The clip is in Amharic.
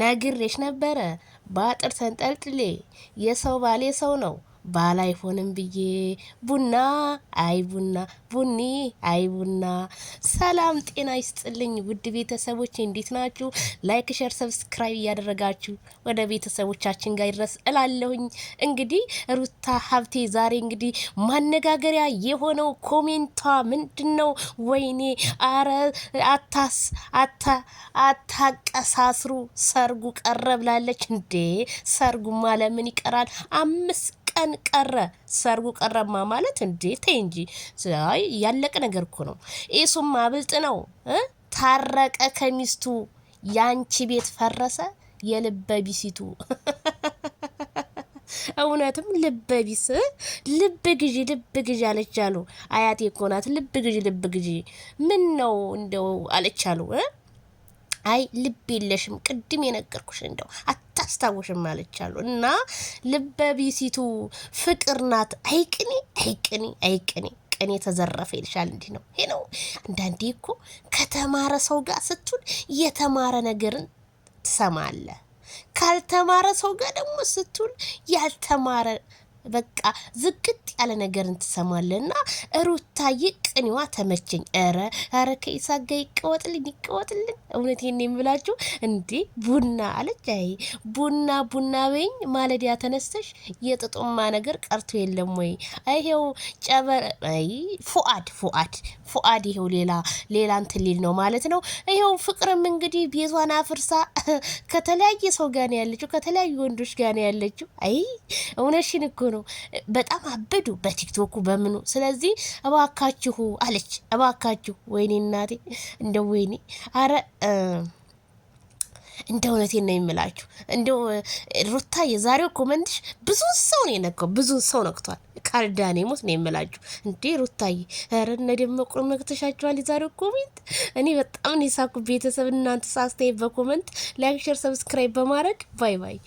ነግሬሽ ነበረ። በአጥር ተንጠልጥሌ የሰው ባሌ ሰው ነው ባል አይሆንም ብዬ ቡና አይ ቡና ቡኒ አይ ቡና። ሰላም ጤና ይስጥልኝ ውድ ቤተሰቦች እንዴት ናችሁ? ላይክ፣ ሸር፣ ሰብስክራይብ እያደረጋችሁ ወደ ቤተሰቦቻችን ጋር ይድረስ እላለሁኝ። እንግዲህ ሩታ ሀብቴ ዛሬ እንግዲህ ማነጋገሪያ የሆነው ኮሜንቷ ምንድን ነው? ወይኔ አረ አታስ አታ አታቀሳስሩ ሰርጉ ቀረ እንዴ! ሰርጉማ ለምን ይቀራል? አምስት ቀን ቀረ፣ ሰርጉ ቀረማ ማለት እንዴ? ተይ እንጂ ይ ያለቀ ነገር እኮ ነው። ኤሱም አብልጥ ነው ታረቀ ከሚስቱ ያንቺ ቤት ፈረሰ የልበ ቢሲቱ እውነትም ልበ ቢስ ልብ ግዢ ልብ ግዢ አለች አሉ አያቴ እኮ ናት። ልብ ግዢ ልብ ግዢ ምን ነው እንደው አለች አሉ አይ ልብ የለሽም ቅድም የነገርኩሽ እንደው አታስታውሽም አለቻሉ እና ልበ ቢሲቱ ፍቅር ናት። አይቅኒ አይቅኒ አይቅኒ ቅኔ ተዘረፈ ይልሻል። እንዲህ ነው ይሄ ነው። አንዳንዴ እኮ ከተማረ ሰው ጋር ስትውል የተማረ ነገርን ትሰማለ፣ ካልተማረ ሰው ጋር ደግሞ ስትውል ያልተማረ በቃ ዝግት ያለ ነገርን ትሰማለና ሩታዬ ቅኔዋ ተመቸኝ። ረ ረ ከኢሳት ጋ ይቀወጥልኝ ይቀወጥልን። እውነቴን የምላችሁ እንዴ ቡና አለች። አይ ቡና ቡና በይኝ ማለዲያ ተነስተሽ የጥጡማ ነገር ቀርቶ የለም ወይ? ይሄው ጨበረ ጨበር ፉአድ ፉአድ ፉአድ ይሄው ሌላ ሌላ እንትን ሊል ነው ማለት ነው። ይሄው ፍቅርም እንግዲህ ቤቷን አፍርሳ ከተለያየ ሰው ጋር ነው ያለችው፣ ከተለያዩ ወንዶች ጋር ነው ያለችው። አይ እውነሽን እኮ ነው። ነው። በጣም አበዱ በቲክቶኩ በምኑ። ስለዚህ እባካችሁ አለች፣ እባካችሁ ወይኔ እናቴ እንደ ወይኔ አረ እንደ እውነቴን ነው የምላችሁ። እንደው ሩታ የዛሬው ኮመንትሽ ብዙ ሰው ነው የነካው፣ ብዙ ሰው ነክቷል። ካርዳኔ ሞት ነው የምላችሁ። እንዴ ሩታዬ፣ ኧረ እነ ደመቁ ነክተሻቸዋል። የዛሬው ኮሜንት እኔ በጣም ነው የሳኩ። ቤተሰብ እናንተ ሳስተይ በኮመንት ላይክ፣ ሼር፣ ሰብስክራይብ በማድረግ ባይ ባይ።